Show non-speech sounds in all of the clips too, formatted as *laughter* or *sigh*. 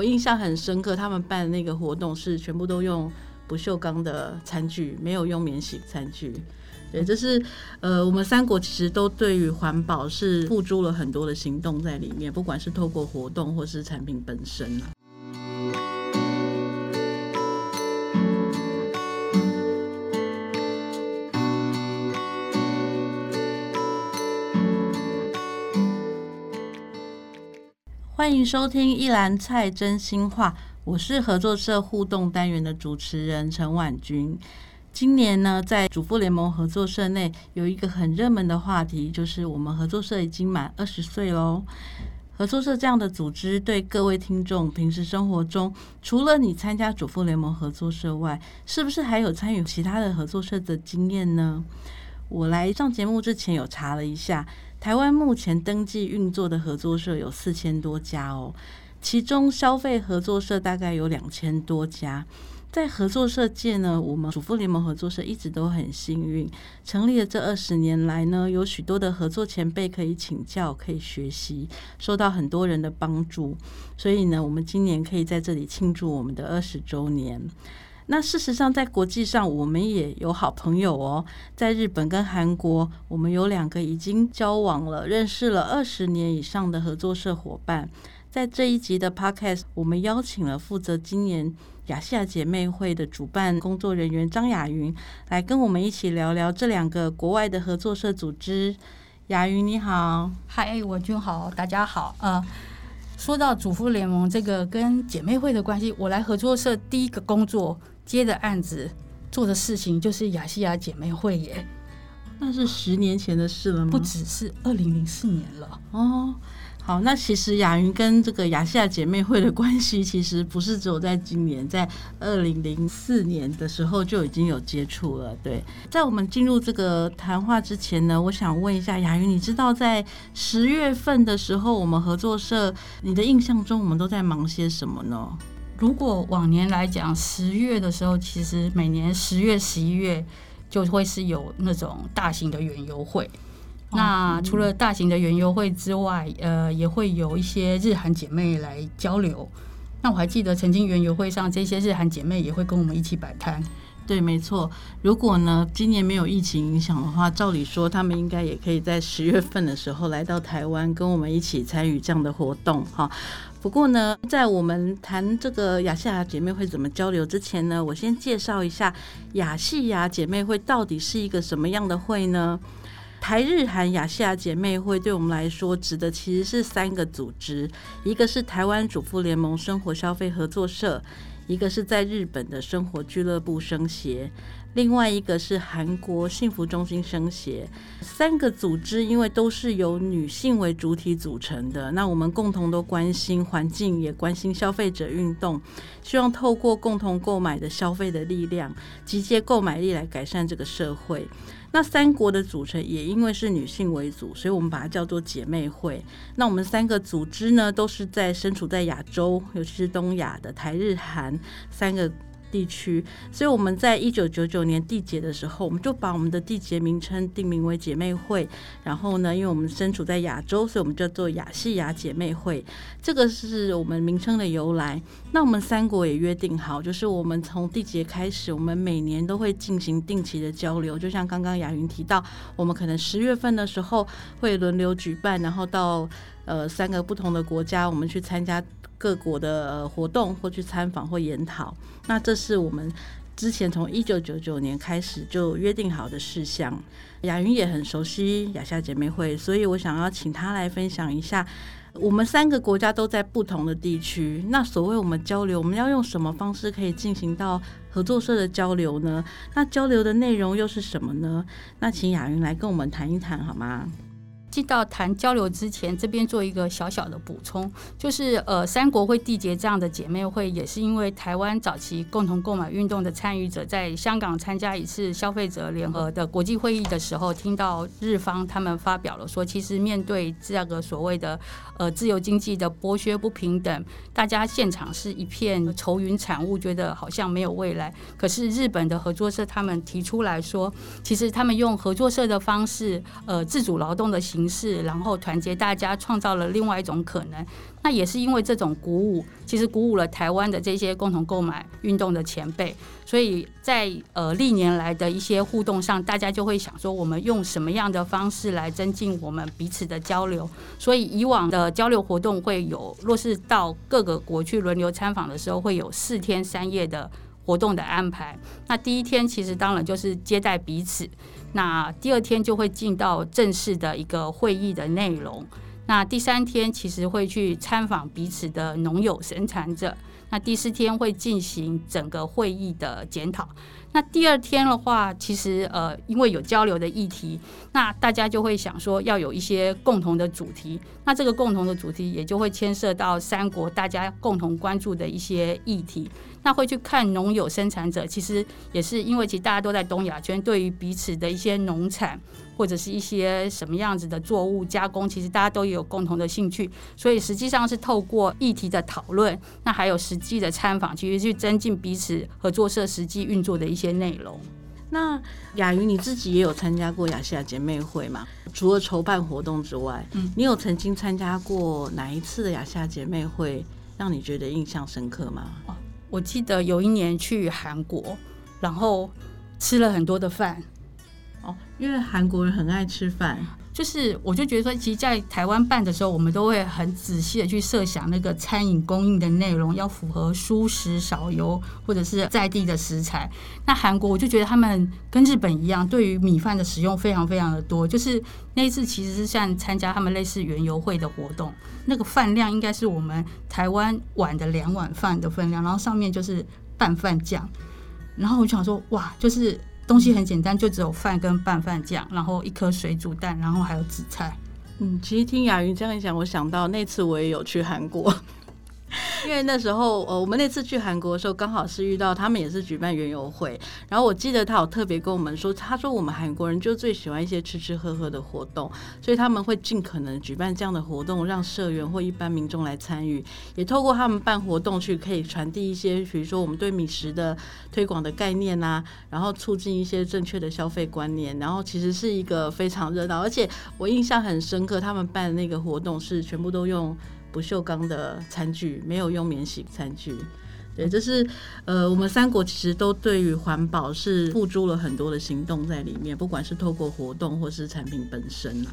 我印象很深刻，他們辦的那個活動是全部都用不鏽鋼的餐具，沒有用免洗餐具。對，就是呃，我們三國其實都對於環保是付諸了很多的行動在裡面，不管是透過活動或是產品本身呢。歡迎收聽《一籃菜真心話》，我是合作社互動單元的主持人陳婉君。今年呢，在主婦聯盟合作社內有一個很熱門的話題，就是我們合作社已經滿二十歲嘍。合作社這樣的組織，對各位聽眾平時生活中，除了你參加主婦聯盟合作社外，是不是還有參與其他的合作社的經驗呢？我來上節目之前有查了一下。台灣目前登記運作的合作社有四千多家哦，其中消費合作社大概有兩千多家。在合作社界呢，我們主婦聯盟合作社一直都很幸運，成立了這二十年來呢，有許多的合作前輩可以請教、可以學習，受到很多人的幫助。所以呢，我們今年可以在這裡慶祝我們的二十周年。那事實上，在國際上，我們也有好朋友哦。在日本跟韓國，我們有兩個已經交往了、認識了二十年以上的合作社夥伴。在這一集的 podcast，我們邀請了負責今年亞細亞姐妹會的主辦工作人員張雅雲，來跟我們一起聊聊這兩個國外的合作社組織。雅雲，你好，嗨，婉君好，大家好。啊說到主婦聯盟這個跟姐妹會的關係，我來合作社第一個工作。接的案子做的事情就是亞細亞姐妹會耶，那是十年前的事了嗎？不只是二零零四年了哦。好，那其實雅雲跟這個亞細亞姐妹會的關係，其實不是只有在今年，在二零零四年的時候就已經有接觸了。對，在我們進入這個談話之前呢，我想問一下雅雲，你知道在十月份的時候，我們合作社，你的印象中我們都在忙些什麼呢？如果往年來講，十月的時候，其實每年十月、十一月就會是有那種大型的園遊會。哦、那除了大型的園遊會之外，呃，也會有一些日韓姐妹來交流。那我還記得曾經園遊會上，這些日韓姐妹也會跟我們一起擺攤。對，沒錯。如果呢，今年沒有疫情影響的話，照理說他們應該也可以在十月份的時候來到台灣，跟我們一起參與這樣的活動哈。不過呢，在我們談這個亞細亞姐妹會怎麼交流之前呢，我先介紹一下亞細亞姐妹會到底是一個什麼樣的會呢？台日韓亞細亞姐妹會對我們來說，指的其實是三個組織，一個是台灣主婦聯盟生活消費合作社，一個是在日本的生活俱樂部生協。另外一個是韓國幸福中心生協，三個組織因為都是由女性為主體組成的，那我們共同都關心環境，也關心消費者運動，希望透過共同購買的消費的力量，集結購買力來改善這個社會。那三國的組成也因為是女性為主，所以我們把它叫做姐妹會。那我們三個組織呢，都是在身處在亞洲，尤其是東亞的台日韓三個。地區，所以我們在一九九九年締結的時候，我們就把我們的締結名稱定名為姐妹會。然後呢，因為我們身處在亞洲，所以我們叫做亞細亞姐妹會。這個是我們名稱的由來。那我們三國也約定好，就是我們從締結開始，我們每年都會進行定期的交流。就像剛剛雅雲提到，我們可能十月份的時候會輪流舉辦，然後到呃三個不同的國家，我們去參加。各國的活動或去參訪或研討，那這是我們之前從一九九九年開始就約定好的事項。雅雲也很熟悉亞細亞姊妹會，所以我想要請她來分享一下，我們三個國家都在不同的地區，那所謂我們交流，我們要用什麼方式可以進行到合作社的交流呢？那交流的內容又是什麼呢？那請雅雲來跟我們談一談好嗎？進到談交流之前，這邊做一個小小的補充，就是呃，三國會締結這樣的姐妹會，也是因為台灣早期共同購買運動的參與者，在香港參加一次消費者聯合的國際會議的時候，聽到日方他們發表了說，其實面對這個所謂的呃自由經濟的剝削不平等，大家現場是一片愁雲慘霧，覺得好像沒有未來。可是日本的合作社他們提出來說，其實他們用合作社的方式，呃，自主勞動的行。形式，然後團結大家，創造了另外一種可能。那也是因為這種鼓舞，其實鼓舞了台灣的這些共同購買運動的前輩。所以在呃歷年來的一些互動上，大家就會想說，我們用什麼樣的方式來增進我們彼此的交流？所以以往的交流活動會有，若是到各個國去輪流參訪的時候，會有四天三夜的。活動的安排，那第一天其實當然就是接待彼此，那第二天就會進到正式的一個會議的內容，那第三天其實會去參訪彼此的農友生產者，那第四天會進行整個會議的檢討，那第二天的話，其實呃因為有交流的議題，那大家就會想說要有一些共同的主題，那這個共同的主題也就會牽涉到三國大家共同關注的一些議題。那會去看農友生產者，其實也是因為其實大家都在東亞圈，對於彼此的一些農產或者是一些什麼樣子的作物加工，其實大家都有共同的興趣，所以實際上是透過議題的討論，那還有實際的參訪，其實是去增進彼此合作社實際運作的一些內容。那雅雲你自己也有參加過亞細亞姊妹會嗎？除了籌辦活動之外，嗯，你有曾經參加過哪一次的亞細亞姊妹會，讓你覺得印象深刻嗎？我記得有一年去韓國，然後吃了很多的飯，哦，因為韓國人很愛吃飯。就是，我就覺得說，其實，在台灣辦的時候，我們都會很仔細的去設想那個餐飲供應的內容，要符合蔬食少油，或者是在地的食材。那韓國，我就覺得他們跟日本一樣，對於米飯的使用非常非常的多。就是那一次其實是像參加他們類似園遊會的活動，那個飯量應該是我們台灣碗的兩碗飯的分量，然後上面就是拌飯醬。然後我就想說，哇，就是。東西很簡單，就只有飯跟拌飯醬，然後一顆水煮蛋，然後還有紫菜。嗯，其實聽雅雲這樣一講，我想到那次我也有去韓國。 *laughs* 因為那時候，呃，我們那次去韓國的時候，剛好是遇到他們也是舉辦園遊會。然後我記得他有特別跟我們說，他說我們韓國人就最喜歡一些吃吃喝喝的活動，所以他們會盡可能舉辦這樣的活動，讓社員或一般民眾來參與，也透過他們辦活動去可以傳遞一些，比如說我們對米食的推廣的概念啊，然後促進一些正確的消費觀念。然後其實是一個非常熱鬧，而且我印象很深刻，他們辦的那個活動是全部都用。不鏽鋼的餐具沒有用免洗餐具，對，這、就是呃，我們三國其實都對於環保是付諸了很多的行動在裡面，不管是透過活動或是產品本身啊。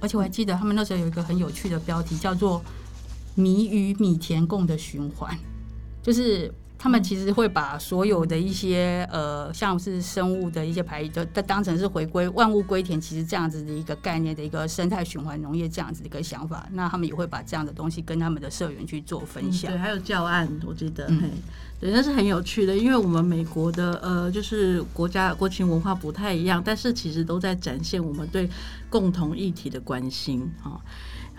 而且我還記得他們那時候有一個很有趣的標題，叫做“米與米田共的循環”，就是。他們其實會把所有的一些呃，像是生物的一些排遺，就它當成是回歸萬物歸田，其實這樣子的一個概念的一個生態循環農業這樣子的一個想法，那他們也會把這樣的東西跟他們的社員去做分享。嗯、對，還有教案，我記得，嗯、對，那是很有趣的，因為我們美國的呃，就是國家國情文化不太一樣，但是其實都在展現我們對共同議題的關心啊。哦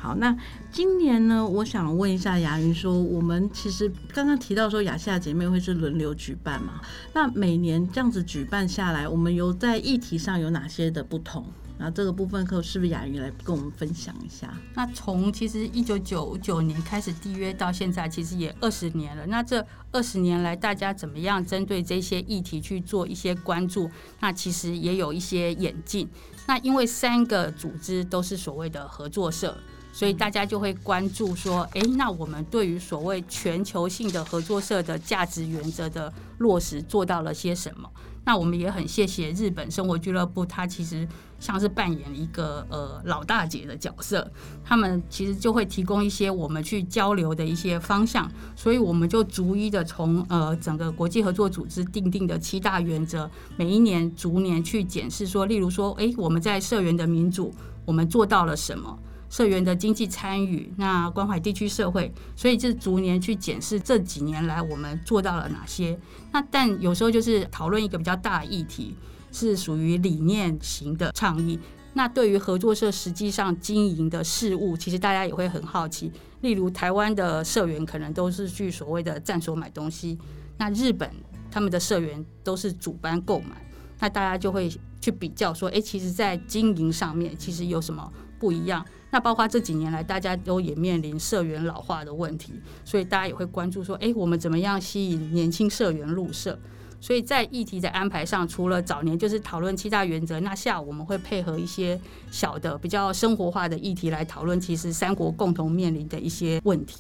好，那今年呢？我想問一下雅雲，說我們其實剛剛提到說亞細亞姐妹會是輪流舉辦嘛？那每年這樣子舉辦下來，我們有在議題上有哪些的不同？那這個部分可是不是雅雲來跟我們分享一下？那從其實一九九九年開始締約到現在，其實也二十年了。那這二十年來，大家怎麼樣針對這些議題去做一些關注？那其實也有一些演進。那因為三個組織都是所謂的合作社。所以大家就會關注說，哎、欸，那我們對於所謂全球性的合作社的價值原則的落實做到了些什麼？那我們也很謝謝日本生活俱樂部，它其實像是扮演一個呃老大姐的角色，他們其實就會提供一些我們去交流的一些方向。所以我們就逐一的從呃整個國際合作組織訂定的七大原則，每一年逐年去檢視說，例如說，哎、欸，我們在社員的民主，我們做到了什麼？社員的經濟參與，那關懷地區社會，所以就逐年去檢視這幾年來我們做到了哪些。那但有時候就是討論一個比較大的議題，是屬於理念型的倡議。那對於合作社實際上經營的事物，其實大家也會很好奇。例如台灣的社員可能都是去所謂的站所買東西，那日本他們的社員都是主班購買，那大家就會去比較說：哎、欸，其實，在經營上面其實有什麼不一樣？那包括這幾年來，大家都也面臨社員老化的問題，所以大家也會關注說，哎、欸，我們怎麼樣吸引年輕社員入社？所以在議題的安排上，除了早年就是討論七大原則，那下午我們會配合一些小的、比較生活化的議題來討論，其實三國共同面臨的一些問題。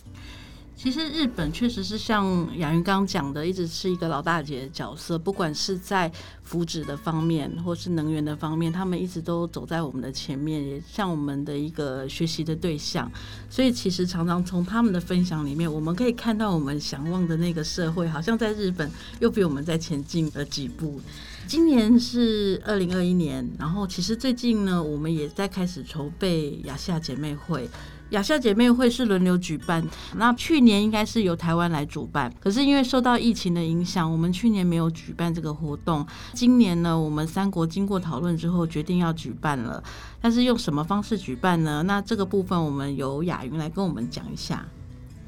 其實日本確實是像雅雲剛講的，一直是一個老大姐的角色，不管是在福祉的方面，或是能源的方面，他們一直都走在我們的前面，也像我們的一個學習的對象。所以其實常常從他們的分享裡面，我們可以看到我們想望的那個社會，好像在日本又比我們在前進了幾步。今年是二零二一年，然後其實最近呢，我們也在開始籌備亞細亞姊妹會。亞細亞姊妹會是輪流舉辦，那去年應該是由台灣來主辦，可是因為受到疫情的影響，我們去年沒有舉辦這個活動。今年呢，我們三國經過討論之後決定要舉辦了，但是用什麼方式舉辦呢？那這個部分我們由雅云來跟我們講一下。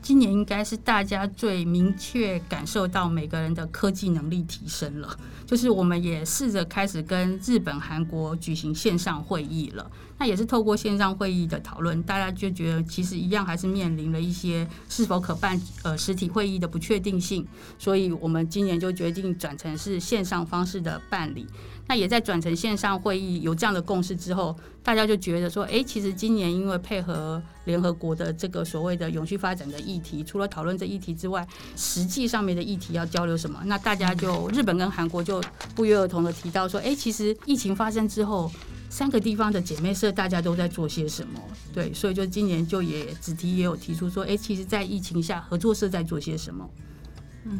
今年應該是大家最明確感受到每個人的科技能力提升了，就是我們也試着開始跟日本、韓國舉行線上會議了。那也是透過線上會議的討論，大家就覺得其實一樣還是面臨了一些是否可辦呃實體會議的不確定性，所以我們今年就決定轉成是線上方式的辦理。那也在轉成線上會議有這樣的共識之後，大家就覺得說，誒，其實今年因為配合聯合國的這個所謂的永續發展的議題，除了討論這議題之外，實際上面的議題要交流什麼？那大家就日本跟韓國就不約而同的提到說，誒，其實疫情發生之後。三個地方的姐妹社大家都在做些什麼？對，所以就今年就也只提也有提出說，哎，其實，在疫情下合作社在做些什麼？嗯。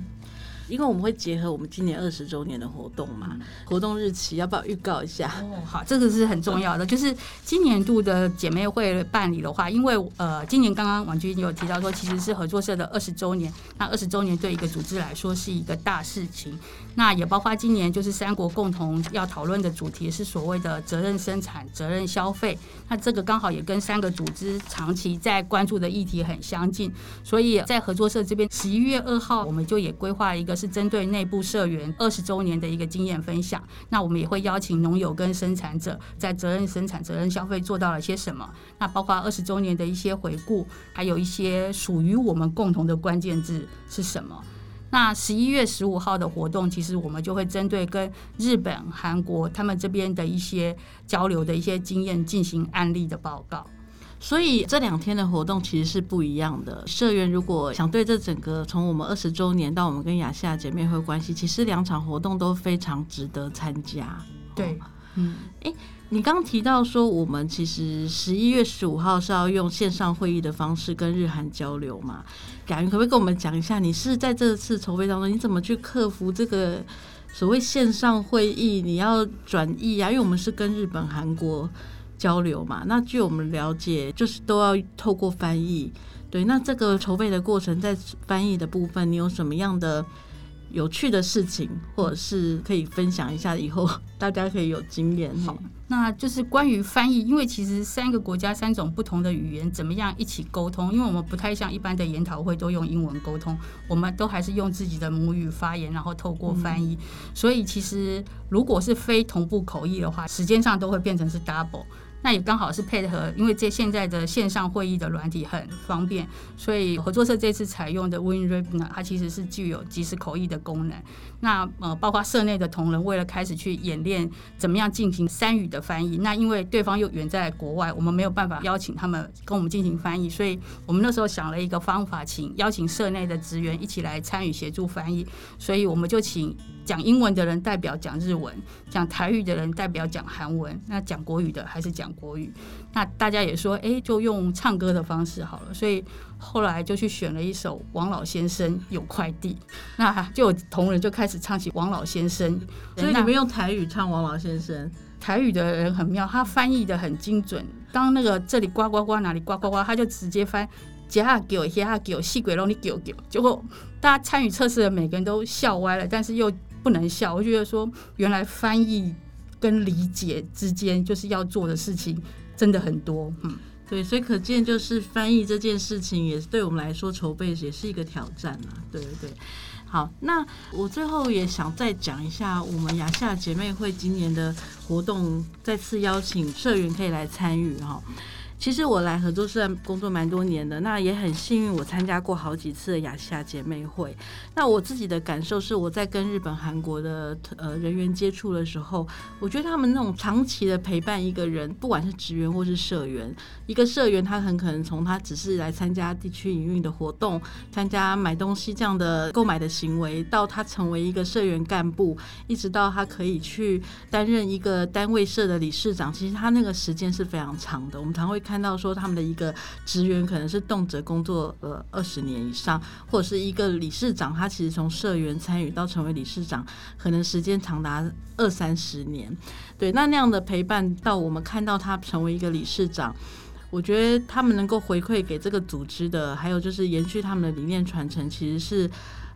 因為我們會結合我們今年二十週年的活動嘛，活動日期要不要預告一下？哦，好，這個是很重要的。嗯、就是今年度的姐妹會辦理的話，因為呃，今年剛剛婉君有提到說，其實是合作社的二十週年。那二十週年對一個組織來說是一個大事情，那也包括今年就是三國共同要討論的主題是所謂的責任生產、責任消費。那這個剛好也跟三個組織長期在關注的議題很相近，所以在合作社這邊十一月二號我們就也規劃一個。是針對內部社員二十周年的一個經驗分享。那我們也會邀請農友跟生產者，在責任生產、責任消費做到了些什麼？那包括二十周年的一些回顧，還有一些屬於我們共同的關鍵字是什麼？那十一月十五號的活動，其實我們就會針對跟日本、韓國他們這邊的一些交流的一些經驗進行案例的報告。所以這兩天的活動其實是不一樣的。社員如果想對這整個從我們二十週年到我們跟亞細亞姊妹會關係，其實兩場活動都非常值得參加。對、哦，嗯，欸、你剛剛提到說我們其實十一月十五號是要用線上會議的方式跟日韓交流嘛？雅雲可不可以跟我們講一下，你是在這次籌備當中，你怎麼去克服這個所謂線上會議？你要轉譯啊，因為我們是跟日本、韓國。交流嘛，那據我們了解，就是都要透過翻譯。對，那這個籌備的過程，在翻譯的部分，你有什麼樣的有趣的事情，或者是可以分享一下？以後大家可以有經驗。好，那就是關於翻譯，因為其實三個國家三種不同的語言，怎麼樣一起溝通？因為我們不太像一般的研討會都用英文溝通，我們都還是用自己的母語發言，然後透過翻譯。嗯。所以其實如果是非同步口譯的話，時間上都會變成是 double。那也剛好是配合，因為這現在的線上會議的軟體很方便，所以合作社這次採用的 WinRib 呢，它其實是具有即時口譯的功能。那呃，包括社內的同仁為了開始去演練怎麼樣進行三語的翻譯，那因為對方又遠在國外，我們沒有辦法邀請他們跟我們進行翻譯，所以我們那時候想了一個方法，請邀請社內的職員一起來參與協助翻譯，所以我們就請。講英文的人代表講日文，講台語的人代表講韓文，那講國語的還是講國語。那大家也說，哎，就用唱歌的方式好了。所以後來就去選了一首《王老先生有塊地》，那就同仁就開始唱起《王老先生》，所以你們用台語唱《王老先生》。台語的人很妙，他翻譯的很精準。當那個這裡呱呱呱，哪裡呱呱呱，他就直接翻：「姊啊給，姊啊給，細鬼弄你給」，結果大家參與測試的每個人都笑歪了，但是又。不能笑，我覺得說原來翻譯跟理解之間就是要做的事情真的很多，嗯，對，所以可見就是翻譯這件事情也是對我們來說籌備也是一個挑戰嘛，對對對。好，那我最後也想再講一下，我們亞細亞姐妹會今年的活動再次邀請社員可以來參與哈。其實我來合作社工作蠻多年的，那也很幸運，我參加過好幾次的亞細亞姊妹會。那我自己的感受是，我在跟日本、韓國的呃人員接觸的時候，我覺得他們那種長期的陪伴一個人，不管是職員或是社員，一個社員他很可能從他只是來參加地區營運的活動、參加買東西這樣的購買的行為，到他成為一個社員幹部，一直到他可以去擔任一個單位社的理事長，其實他那個時間是非常長的。我們常會看。看到說他們的一個職員可能是動輒工作了二十年以上，或者是一個理事長，他其實從社員參與到成為理事長，可能時間長達二三十年。對，那那樣的陪伴到我們看到他成為一個理事長，我覺得他們能夠回饋給這個組織的，還有就是延續他們的理念傳承，其實是。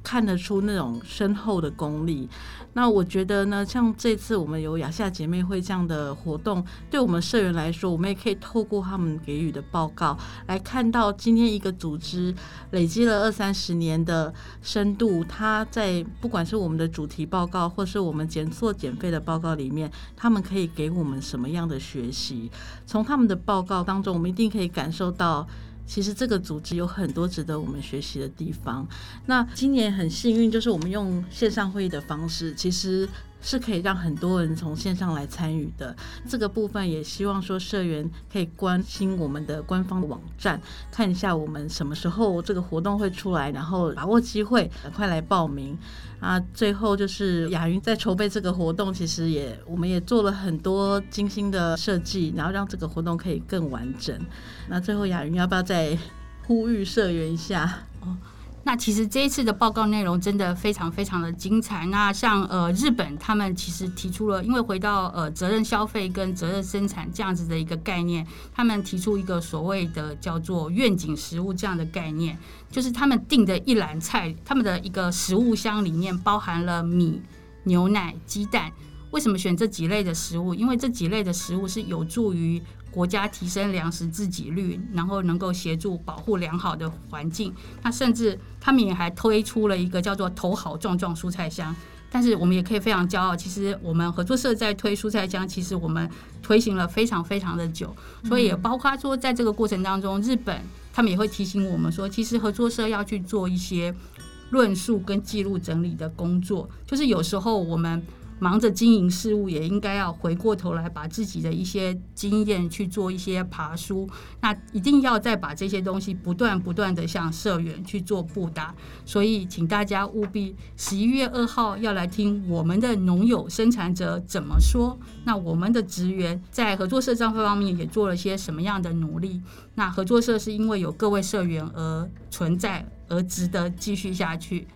看得出那種深厚的功力。那我覺得呢，像這次我們有亞細亞姊妹會這樣的活動，對我們社員來說，我們也可以透過他們給予的報告，來看到今天一個組織累積了二三十年的深度，它在不管是我們的主題報告，或是我們減塑減廢的報告裡面，他們可以給我們什麼樣的學習？從他們的報告當中，我們一定可以感受到。其實這個組織有很多值得我們學習的地方。那今年很幸運，就是我們用線上會議的方式，其實。是可以讓很多人從線上來參與的這個部分，也希望說社員可以關心我們的官方網站，看一下我們什麼時候這個活動會出來，然後把握機會，快來報名啊！最後就是雅雲在籌備這個活動，其實也我們也做了很多精心的設計，然後讓這個活動可以更完整。那最後雅雲要不要再呼籲社員一下？那其實這一次的報告內容真的非常非常的精彩。那像呃日本，他們其實提出了，因為回到呃責任消費跟責任生產這樣子的一個概念，他們提出一個所謂的叫做願景食物這樣的概念，就是他們訂的一籃菜，他們的一個食物箱裡面包含了米、牛奶、雞蛋。為什麼選這幾類的食物？因為這幾類的食物是有助於，國家提升糧食自給率，然後能夠協助保護良好的環境。那甚至他們也還推出了一個叫做“頭好壯壯蔬菜箱”。但是我們也可以非常驕傲，其實我們合作社在推蔬菜箱，其實我們推行了非常非常的久。所以也包括說，在這個過程當中，嗯、日本他們也會提醒我們說，其實合作社要去做一些論述跟記錄整理的工作。就是有時候我們。忙着經營事務，也應該要回過頭來把自己的一些經驗去做一些爬梳。那一定要再把這些東西不斷不斷的向社員去做布達。所以，請大家務必十一月二號要來聽我們的農友生產者怎麼說。那我們的職員在合作社賬號方面也做了些什麼樣的努力？那合作社是因為有各位社員而存在，而值得繼續下去。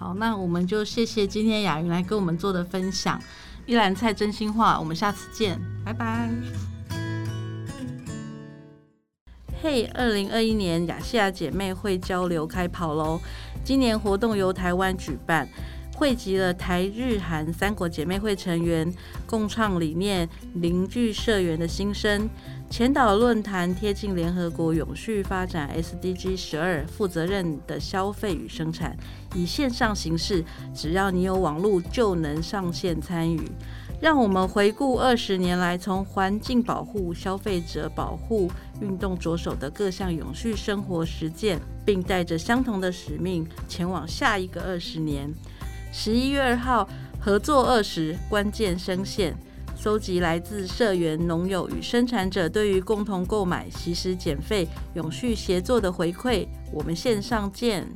好，那我們就謝謝今天雅雲來跟我們做的分享，《一籃菜真心話》。我們下次見，拜拜。嘿，二零二一年亞細亞姐妹會交流開跑嘍今年活動由台灣舉辦，匯集了台日韓三國姐妹會成員，共創理念，凝聚社員的心聲。前導論壇貼近聯合國永續發展 SDG 十二負責任的消費與生產，以線上形式，只要你有網路，就能上線參與。讓我們回顧二十年來從環境保護、消費者保護運動着手的各項永續生活實踐，並帶着相同的使命前往下一個二十年。十一月二號，合作二十，關鍵聲線。搜集來自社員、農友與生產者對於共同購買、惜食減廢、永續協作的回饋，我們線上見。